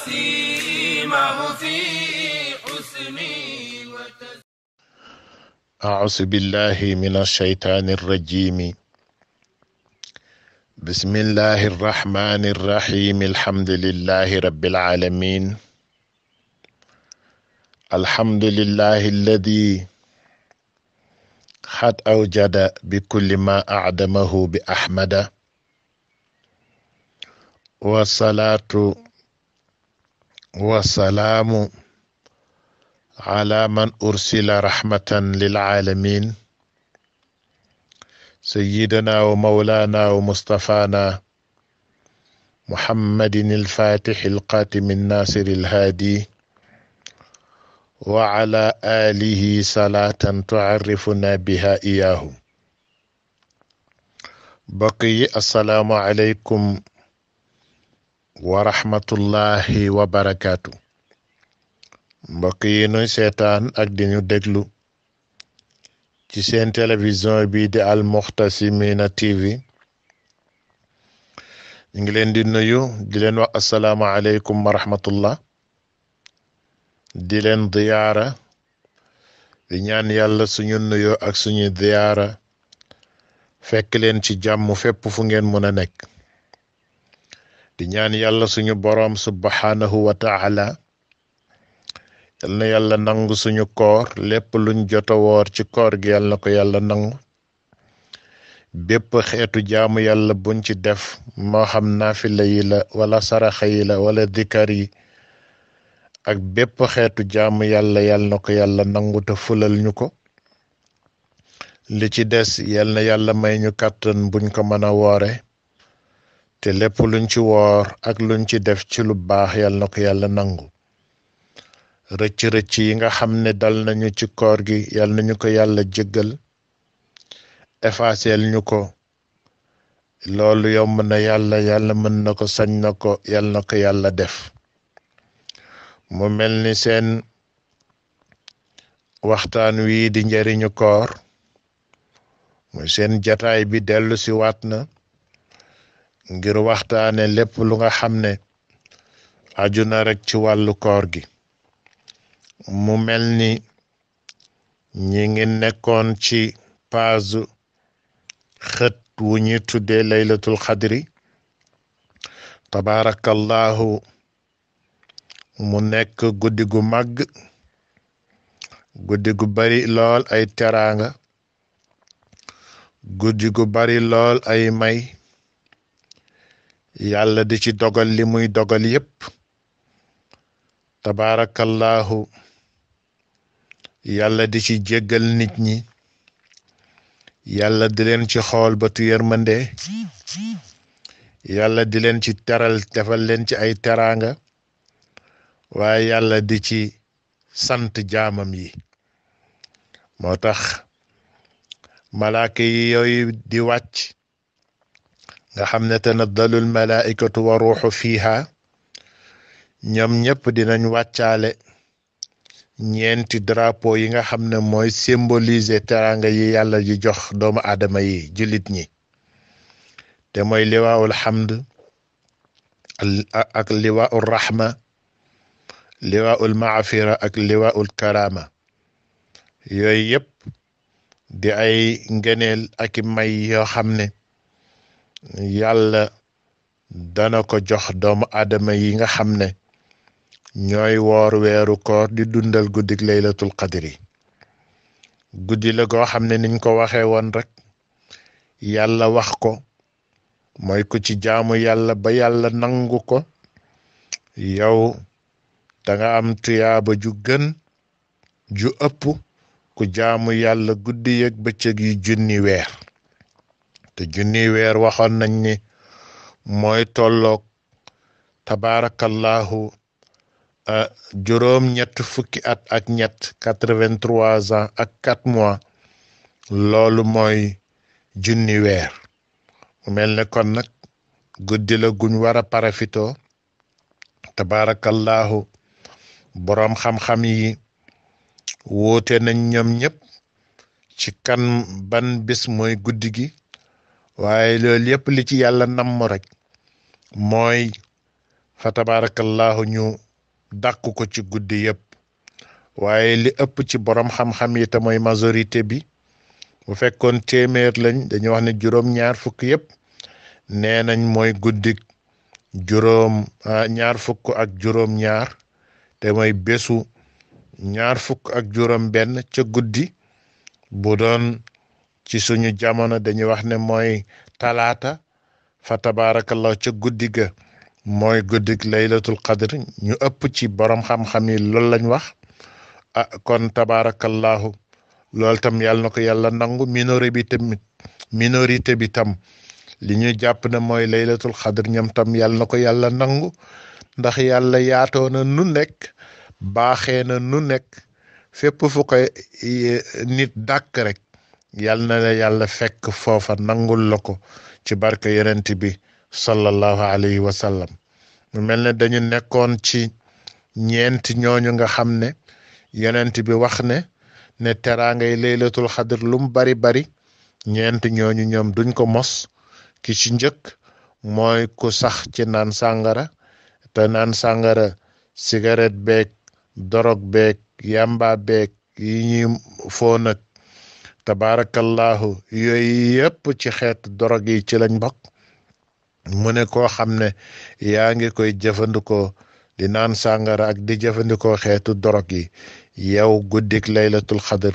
وسيمه في حسني أعوذ بالله من الشيطان الرجيم بسم الله الرحمن الرحيم الحمد لله رب العالمين الحمد لله الذي قد أوجد بكل ما أعدمه بأحمد والصلاة والسلام على من أرسل رحمة للعالمين سيدنا ومولانا ومصطفانا محمد الفاتح القاتم الناصر الهادي وعلى آله صلاة تعرفنا بها إياه بقي السلام عليكم ورحمة الله وبركاته مبكي نوي سيطان اك دينيو دجلو ci seen télévision bi di Al Mouhtassimine TV ñu ngi leen di nuyu di leen wax asalaamaaleykum wa rahmatullah di leen ziyaara di ñaan yàlla suñu nuyoo ak suñu ziyaara fekk leen ci jàmm fépp fu ngeen mën a nekk di ñaan yàlla suñu boroom subhanahu wa taala yal na yàlla nangu suñu koor lépp luñ joto woor ci koor gi yal ko yàlla nangu bépp xeetu jaamu yàlla buñ ci def moo xam naafila yi wala saraxa yi wala dikar yi ak bépp xeetu jaamu yàlla yal yàlla nangu te fulal ñu ko li ci des yal yàlla may ñu kàttan buñ ko mën a woore te lépp luñ ci woor ak luñ ci def ci lu baax yal ko yàlla nangu rëcc rëcc yi nga xam ne dal nañu ci koor gi yal nañu ko yàlla jéggal effaceel ñu ko loolu yomb na yàlla yàlla mën na ko sañ na ko yal ko yàlla def mu mel ni seen waxtaan wii di njariñu koor muy seen jataay bi dellu si waat na ngir waxtaane lépp lu nga xam ne aju na rek ci wàllu koor gi mu mel ni ñi ngi nekkoon ci paasu xët wu ñu tuddee laylatul xadri tabaarakallahu mu nekk guddi gu màgg guddi bari lool ay teraanga guddi gu bari lool ay may yàlla di ci dogal li muy dogal yépp tabaarakallaahu yàlla di ci jégal nit ñi yàlla di leen ci xool batu yërmande yàlla di leen ci teral defal leen ci ay teraanga waaye yàlla di ci sant jaamam yi moo tax malaaka yi yooyu di wàcc نحن نتنظل الملائكة وروح فيها نعم نعم دينا نواتشال نعم تدرابو ينا حمنا موي سيمبوليزي ترانغ يالا يجوخ دوم آدم يي جلد ني تموي لواء الحمد أك لواء الرحمة لواء المعفرة أك لواء الكرامة يويب دي أي نجنل أكي ما يو حمني yàlla dana ko jox doomu aadama yi nga xam ne ñooy woor weeru ko di dundal guddik laylatul qadri guddi la goo xam ne niñ ko waxee woon rek yàlla wax ko mooy ku ci jaamu yàlla ba yàlla nangu ko yow da am am tuyaaba ju gën ju ëpp ku jaamu yàlla guddi yeeg bëccëg yu junni weer te junni weer waxoon nañ ni mooy tolloog tabaarakallaahu juróom ñett fukki at ak ñett quatre-vingt-trois ans ak quatre mois loolu mooy junni weer mu mel ne kon nag guddi la guñ war a parafito tabaarakallaahu boroom xam-xam yi woote nañ ñoom ñëpp ci kan ban bis mooy guddi gi waaye loolu yëpp li ci yàlla namm rek mooy fa tabaarakallaahu ñu dàq ko ci guddi yëpp waaye li ëpp ci borom xam-xam yi te mooy majorité bi bu fekkoon téeméer lañ dañu wax ne juróom-ñaar fukk yëpp nee nañ mooy guddik juróom ñaar fukk ak juróom-ñaar te mooy bésu ñaar fukk ak juróom-benn ca guddi bu ci suñu jamono dañuy wax ne mooy talaata fa tabaarakallah ca guddi ga mooy guddi laylatul qadr ñu ëpp ci borom xam-xam yi loolu lañ wax ah kon tabaarakallahu loolu tam yàlla ko yàlla nangu minorité bi tamit minorité bi tam li ñu jàpp ne mooy laylatul qadr ñoom tam yàlla na ko yàlla nangu ndax yàlla yaatoo na nu nekk baaxee na nu nekk fépp fu eh, nit dàkk rek. yal na la yàlla fekk foofa nangul la ko ci barke yonent bi sallallahu alayhi wa sallam mu mel ne dañu nekkoon ci ñeenti ñooñu nga xam ne yonent bi wax ne ne teraangay laylatul xadr lum bari bari ñeenti ñooñu ñoom duñ ko mos ki ci njëkk mooy ku sax ci naan sàngara te naan sàngara cigarette beeg dorog beek yamba beeg yi nag tabaarakallaahu yooyu yëpp ci xeet dorog yi ci lañ bokk mu ne koo xam ne yaa ngi koy jëfandikoo di naan sàngara ak di jëfandikoo xeetu dorog yi yow guddik leylatul xadr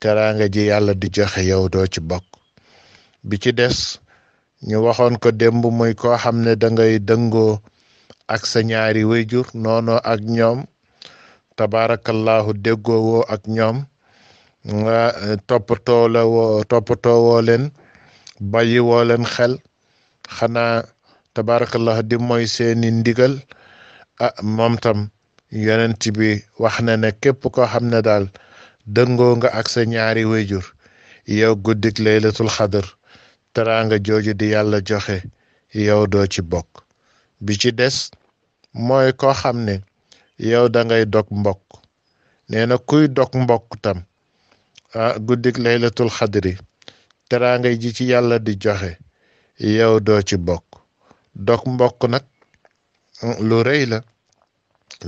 teraanga ji yàlla di joxe yow doo ci bokk bi ci des ñu waxoon ko démb muy koo xam ne da ngay dëngoo ak sa ñaari wayjur noonu ak ñoom tabaarakallaahu déggoo woo ak ñoom Eh, toppatoo la toppatoo woo leen bàyyi woo leen xel xanaa tabaarakallah di mooy seeni ndigal a ah, moom tam yonent bi wax na ne képp koo xam ne daal dëngoo nga ak sa ñaari wayjur yow guddik laylatul xadar teranga jooju di yàlla joxe yow doo ci bokk bi ci des mooy koo xam ne yow dangay ngay dog mbokk kuy dok mbokk tam ah guddik laylatul xadri teraanga ji ci yàlla di joxe yow doo ci bokk dog mbokk nag mm, lu rëy la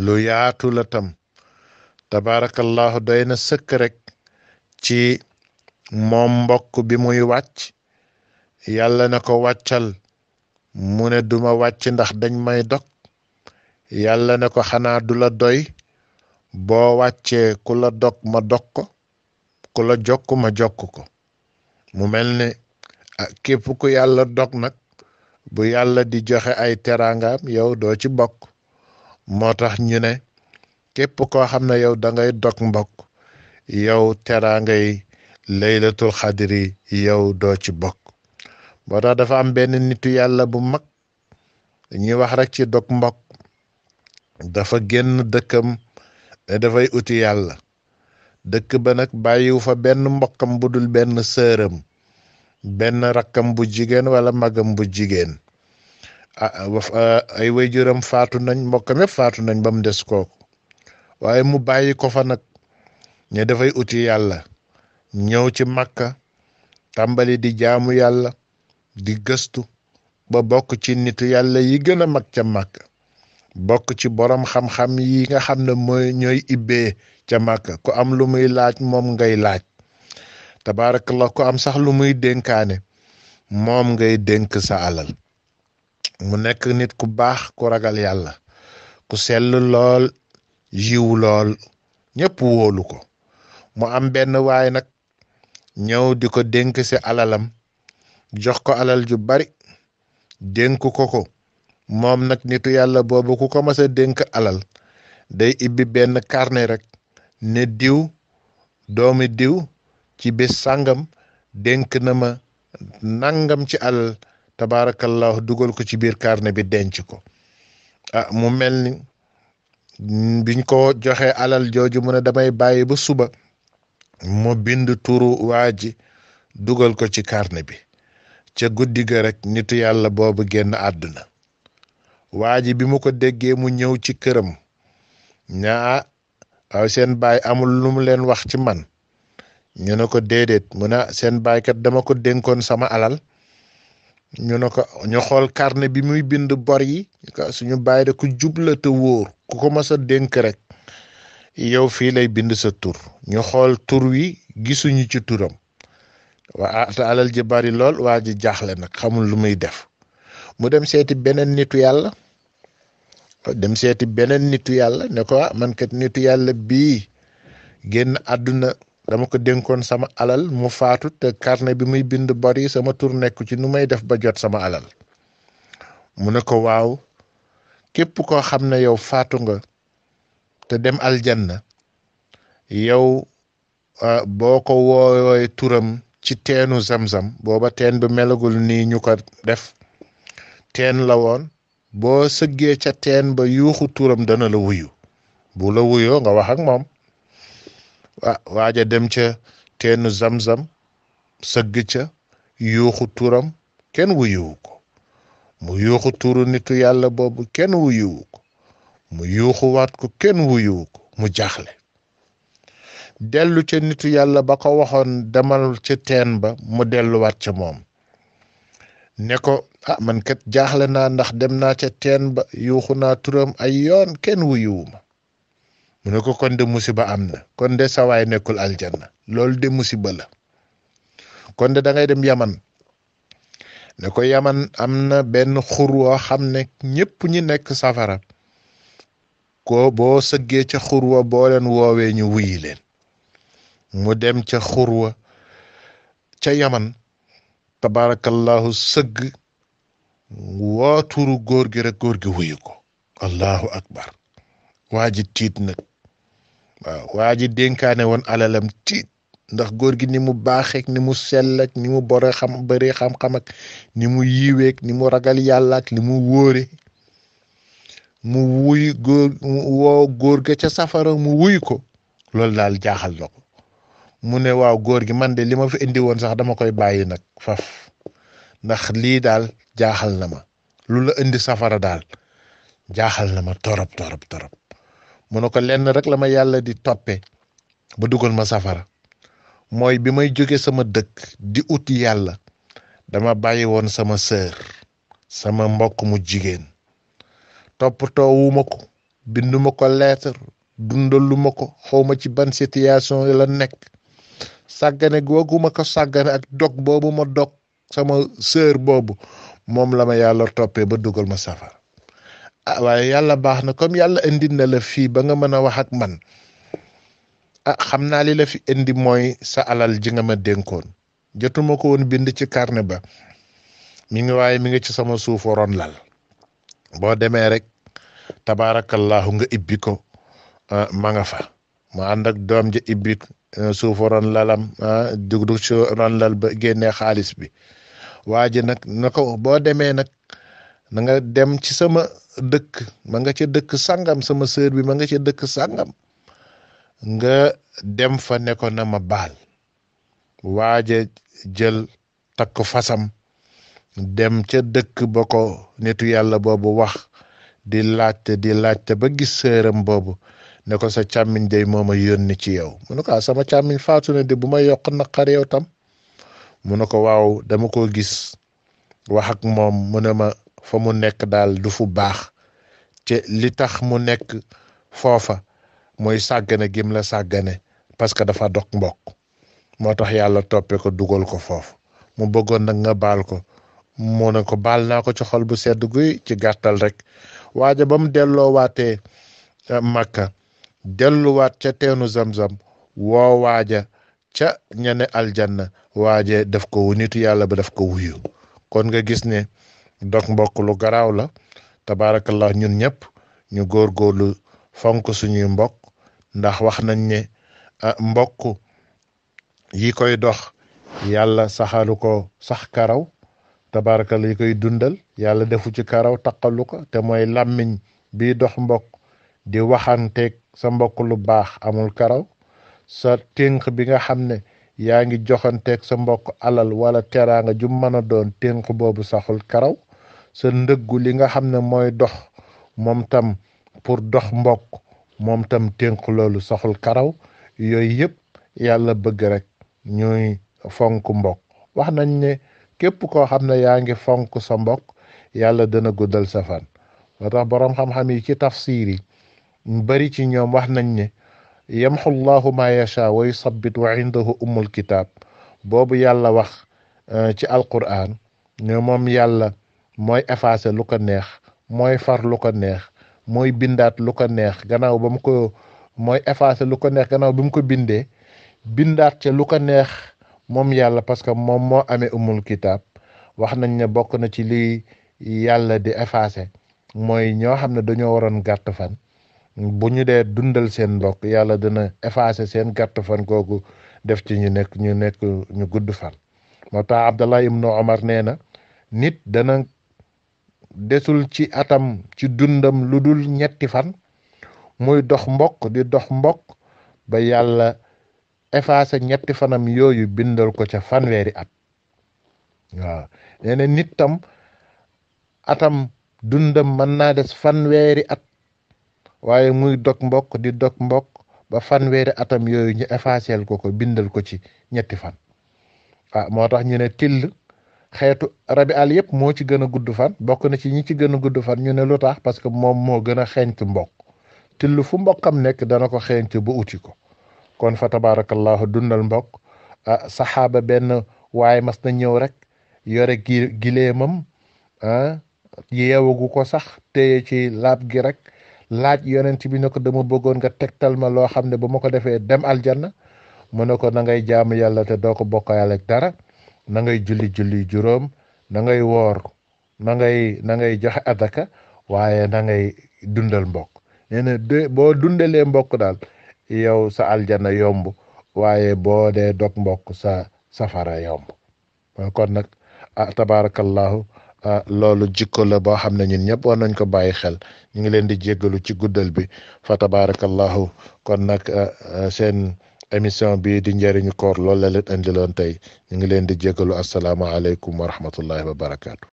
lu yaatu la tam tabaarakallaahu doy na sëkk rek ci moom mbokk bi muy wàcc yàlla na ko wàccal mu ne duma wàcc ndax dañ may dog yàlla na ko xanaa du la doy bo wàccee ku la dog ma dog ko ku la jokk ma jokk ko mu mel ne ah, képp ku yàlla dog nag bu yàlla di joxe ay teraangaam yow doo ci bokk moo tax ñu ne képp koo xam ne yow da ngay dog mbokk yow teraangay laylatul xadiri yow doo ci bokk moo tax dafa am benn nitu yàlla bu mag ñuy wax rek ci dog mbokk dafa génn dëkkam ne dafay uti yàlla dëkk ba nag bàyyiwu fa benn mbokkam bu dul benn sëram benn rakkam bu jigéen wala magam bu jigéen ay wayjuram faatu nañ mbokkam yëpp faatu nañ ba mu des kooku waaye mu bàyyi ko fa nag ne dafay uti yàlla ñëw ci màkka tàmbali di jaamu yàlla di gëstu ba bokk ci nitu yàlla yi gën a mag ca màkka bokk ci borom xam-xam yi nga xam ne mooy ñooy ibbee ca màkk ku am lu muy laaj moom ngay laaj tabaarakallah ku am sax lu muy dénkaane moom ngay dénk sa alal mu nekk nit ku baax ku ragal yàlla ku sell lool yiw lool ñëpp wóolu ko mu am benn waay nag ñëw di ko dénk si alalam jox ko alal ju bari dénk ko ko moom nag nitu yàlla boobu ku ko mas a alal day ibbi benn carnet rek ne diw doomi diw ci bés sangam denk na ma nangam ci alal tabaarakallahu dugal ko ci biir carnet bi denc ko ah mu mel ni biñ ko joxee alal jooju mu ne damay bàyyi ba suba mu bind turu waa ji dugal ko ci carnet bi ca guddi ga rek nitu yàlla boobu génn àdduna waa ji bi mu ko déggee mu ñëw ci këram ñaa waaw seen baay amul lu mu leen wax ci man ñu ne ko déedéet mu ne seen baaykat dama ko dénkoon sama alal ñu ne ko ñu xool carnet bi muy bind bor yi suñu baay da ko jubla te wóor ku ko mas a dénk rek yow fii lay bind sa tur ñu xool tur wi gisuñu ci turam waa ah, te alal ji bari lool waa ji jaaxle nag xamul lu muy def mu dem seeti beneen nitu yàlla dem seeti beneen nitu yàlla ne ko ah, man kat nitu yàlla bii génn àdduna dama ko dénkoon sama alal mu faatu te carnet bi muy bind bari sama tur nekk ci nu may def ba jot sama alal mu ne ko waaw képp koo xam ne yow faatu nga te dem aljanna yow ah, boo ko woowee turam ci teenu zamzam booba teen bi melagul nii ñu ko def teen la woon boo sëggee ca teen ba yuuxu turam dana la wuyu bu la wuyoo nga wax moom ah waaja dem ca teenu zam-zam sëgg ca yuuxu turam kenn wuyuwu ko mu yuuxu turu nitu yàlla boobu kenn wuyuwu mu yuuxu waat ko kenn wuyuwu ko mu jaaxle dellu ca nitu yàlla ba ko waxoon demal ca teen ba mu delluwaat ca moom ne ko ah man kat jaaxle naa ndax dem naa ca teen ba yuuxu naa turam ay yoon kenn wuyuwuma mu ne ko kon de musiba am na kon de sawaay nekkul aljanna loolu de musiba la kon de da ngay dem yaman ne ko yaman am na benn xur woo xam ne ñépp ñi nekk safara ko boo sëggee ca xur wa boo leen woowee ñu wuyi leen mu dem ca xur wa ca yaman tabarakallahu sëgg wooturu goor gi rek goor gi wuyu ko allahu akbar waaji tiit nag waaw waa ji dénkaane woon alalam tiit ndax góor gi ni mu baaxeek ni mu selleek ni mu bore xam bëree xam-xam ak ni mu yiiweek ni mu ragal yàlla ak ni mu wóore mu wuy góor woo góor ga ca safara mu wuy ko loolu daal jaaxal na ko mu ne waaw góor gi man de li ma fi indi woon sax dama koy bàyyi nag faf ndax lii daal jaaxal na ma lu la indi safara daal jaaxal na ma torop torop torop mu ne ko lenn rek la ma yàlla di toppe ba dugal ma safara mooy bi may jóge sama dëkk di ut yàlla dama bàyyi woon sama sœur sama mbokk mu jigéen toppatoo wu ma ko bindu ma ko lettre dundalu ma ko xawma ci ban situation la nekk ma ko ak dog boobu ma dog sama sœur boobu moom la ma yàlla toppee ba dugal ma safara ah waaye yàlla baax na comme yàlla indi na la fii ba nga mën a wax man a ah, xam naa li la fi indi mooy sa alal ji nga ma dénkoon jotuma ko woon bind ci carnet ba mi ngi waaye mi ngi ci sama suuf waroon lal boo demee rek tabaarakallaahu nga ibbi ko ah, ma nga fa ma ànd doom ja ibbik eh, suuf waroon lalam ah, dugg ci ron lal ba génnee xaalis bi waa ji nag na ko boo demee nag na nga dem ci sama dëkk ma nga ca dëkk sangam sama sœur bi ma nga ca dëkk sangam nga dem fa ne ko na ma baal waa ja jël takk fasam dem ca dëkk ba ko netu yàlla boobu wax di laajte di laajte ba gis sëram boobu ne ko sa càmmiñ moom moo ma yónni ci yow mu ne ko ah, sama càmmiñ faatu na de bu ma yokk naqar yow tam mu ne ko waaw dama ko gis waxak moom mu ne ma fa mu nekk daal du fu baax te li tax mu nekk foofa mooy sàggane gim la sàggane parce que dafa dog mbokk moo tax yàlla toppee ko dugal ko foofu mu bëggoon nag nga baal ko mu ne ko baal naa ko ci xol bu sedd guy ci gàttal rek waaja ba mu delloowaatee eh, màkka delluwaat ca teenu zam-zam woo waaja ca ña ne aljanna waaje def ko wu nitu yàlla ba def ko wuyu kon nga gis ne dog mbokk lu garaaw la tabaarakallah ñun ñëpp ñu góorgóorlu fonk suñuy mbokk ndax wax nañ ne mbokk yi koy dox yàlla saxalu ko sax karaw tabaarakallah yi koy dundal yàlla defu ci karaw taqalu ko te mooy làmmiñ bi dox mbokk di waxanteeg sa mbokk lu baax amul karaw sa tënk bi nga xam ne yaa ngi joxanteeg sa mbokk alal wala teraanga ju mën a doon tënk boobu saxul karaw sa ndëggu li nga xam ne mooy dox moom tam pour dox mbokk moom tam tënk loolu saxul karaw yooyu yëpp yàlla bëgg rek ñuy fonk mbokk wax nañ ne képp koo xam ne yaa ngi fonk sa mbokk yàlla dana guddal sa fan moo tax xam-xam yi ci tafsiir yi bari ci ñoom wax nañ ne yamxu llahu ma yacha wa yusabbit wa indahu ummul kitaab boobu yàlla wax euh, ci alquran ne moom yàlla mooy effacer lu ko neex mooy far lu ko neex mooy bindaat lu ko neex gannaaw ba mu ko mooy effacer lu ko neex gannaaw bi mu ko bindee bindaat ca lu ko neex moom yàlla parce que moom moo amee umul kitaab wax nañ ne bokk na ci lii yàlla di effacer mooy ñoo xam ne dañoo waroon gàtt fan bu ñu dee dundal seen mbokk yàlla dina effaase seen gàtt fan kooku def ci ñu nekk ñu nekk ñu gudd fan moo tax Abdallah ibnu Omar nee na nit dana desul ci atam ci dundam lu dul ñetti fan muy dox mbokk di dox mbokk ba yàlla effacer ñetti fanam yooyu bindal ko ca fanweeri at waaw nee nit tam atam dundam mën naa des fanweeri at waaye muy dog mbok di dog mbok ba fanweeri atam yooyu ñu effaceel ko ko bindal ko ci ñetti fan a ah, moo tax ñu ne till xeetu rabi àll yëpp moo ci gën a gudd fan bokk na ci ñi ci gën a gudd fan ñu ne lu tax parce que moom moo gën a xeeñt mbokk till fu mbok mbokkam nekk dana ko xeeñt ba uti ko kon fa tabaarakallahu dundal mbok ah saxaaba benn waaye mas na ñëw rek yore gi gileemam ah ko sax te ci laab gi rek laaj yonent bi ne ko dama bëggoon nga tegtal ma loo xam ne boo ma ko defee dem aljanna mu ne ko na ngay jaamu yàlla te doo ko bokkaale ak dara na ngay julli julli juróom na ngay woor na ngay na joxe adaka waaye na dundal mbokk nee boo dundalee mbokk daal yow sa aljana yomb waaye boo dee dog mbokk sa safara yomb kon nag ah tabaarakallaahu Ah, loolu jikko la boo xam ne ñun ñëpp war nañ ko bàyyi xel ñu ngi leen di jéggalu ci guddal bi fa tabarakallahu kon nag ah, ah, seen émission bi di njariñu koor lool la leen tey ñu ngi leen di jéggalu asalaamaaleykum wa rahmatullahi wa barakaatu